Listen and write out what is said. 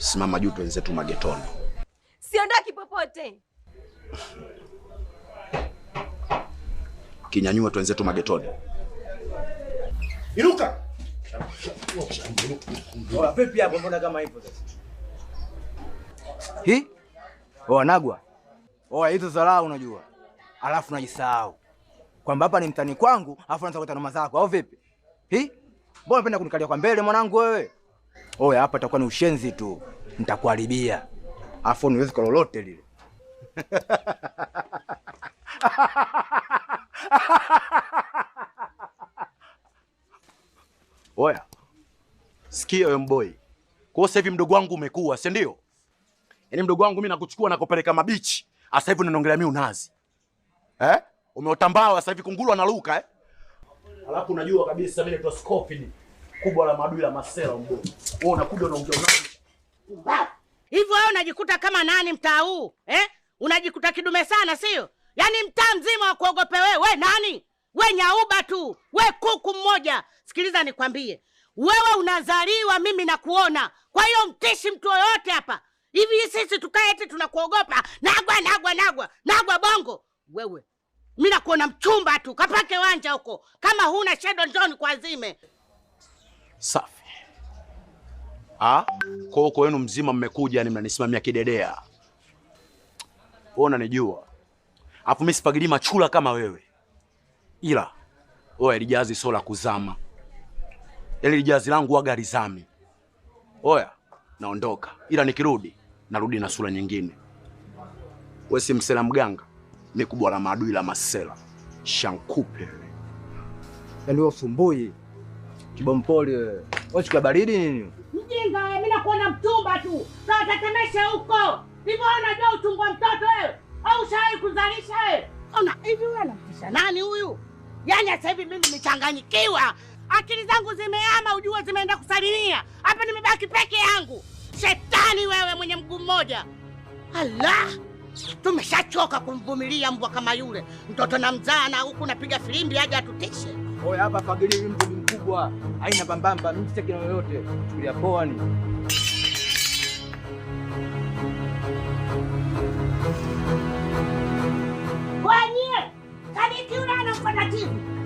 Simama juu tuenze magetoni. Siondoki popote. Kinyanyua tuenze magetoni. Inuka. Ola pepi hapo mbona kama hivyo sasa? Oa nagwa. Oa hizo dharau unajua. Alafu najisahau. Kwamba hapa ni mtani kwangu, alafu naanza kutana noma zako au vipi? Hii? Mbona unapenda kunikalia kwa mbele mwanangu wewe? oya hapa itakuwa ni ushenzi tu, nitakuharibia afu niwezi kwa lolote lile. Oya, sikia yo mboi, kwa sasa hivi mdogo wangu umekuwa, si ndio? Yaani mdogo wangu mi nakuchukua nakupeleka mabichi, sasa hivi unaniongelea mimi unazi eh? Umeotambaa sasa hivi kunguru analuka eh? Alafu unajua kabisa mimi ni kubwa la maadui la masela mdogo. Wewe unakuja unaongea nani? Hivyo wewe unajikuta kama nani mtaa huu? Eh? Unajikuta kidume sana sio? Yaani mtaa mzima wa kuogope wewe, we nani? We nyauba tu, we kuku mmoja. Sikiliza nikwambie. Wewe unazaliwa mimi nakuona. Kwa hiyo mtishi mtu yoyote hapa. Hivi sisi tukae eti tunakuogopa. Nagwa nagwa nagwa. Nagwa bongo. Wewe. Mimi nakuona mchumba tu, kapake wanja huko. Kama huna shadow njoni kwa zime. Safi. Ah, kwa huko wenu mzima mmekuja ni mnanisimamia kidedea. Wewe unanijua. Alafu mimi sipagili machula kama wewe. Ila wewe lijazi sola kuzama. Yaani lijazi langu waga lizami. Oya, naondoka. Ila nikirudi narudi na sura nyingine. Wewe si msela mganga, ni kubwa la maadui la masela. Shankupe. Yaani usumbui. Kibompoli wewe. chukua baridi nini? Mjinga wewe, mimi nakuona mtumba tu. Tatetemesha huko. Hivyo unajua utungu mtoto wewe? Au ushawahi kuzalisha wewe? Ona hivi wewe anamtisha nani huyu? Yaani sasa hivi mimi nimechanganyikiwa. Akili zangu zimeama, ujua zimeenda kusalimia. Hapa nimebaki peke yangu. Shetani wewe mwenye mguu mmoja. Allah! Tumeshachoka kumvumilia mbwa kama yule. Mtoto na na huku napiga filimbi aje atutishe. Oya hapa fagili mtu kubwa haina pambamba, msitaki na yoyote, Tulia poa ni kwenye kanikiuna na mfatativu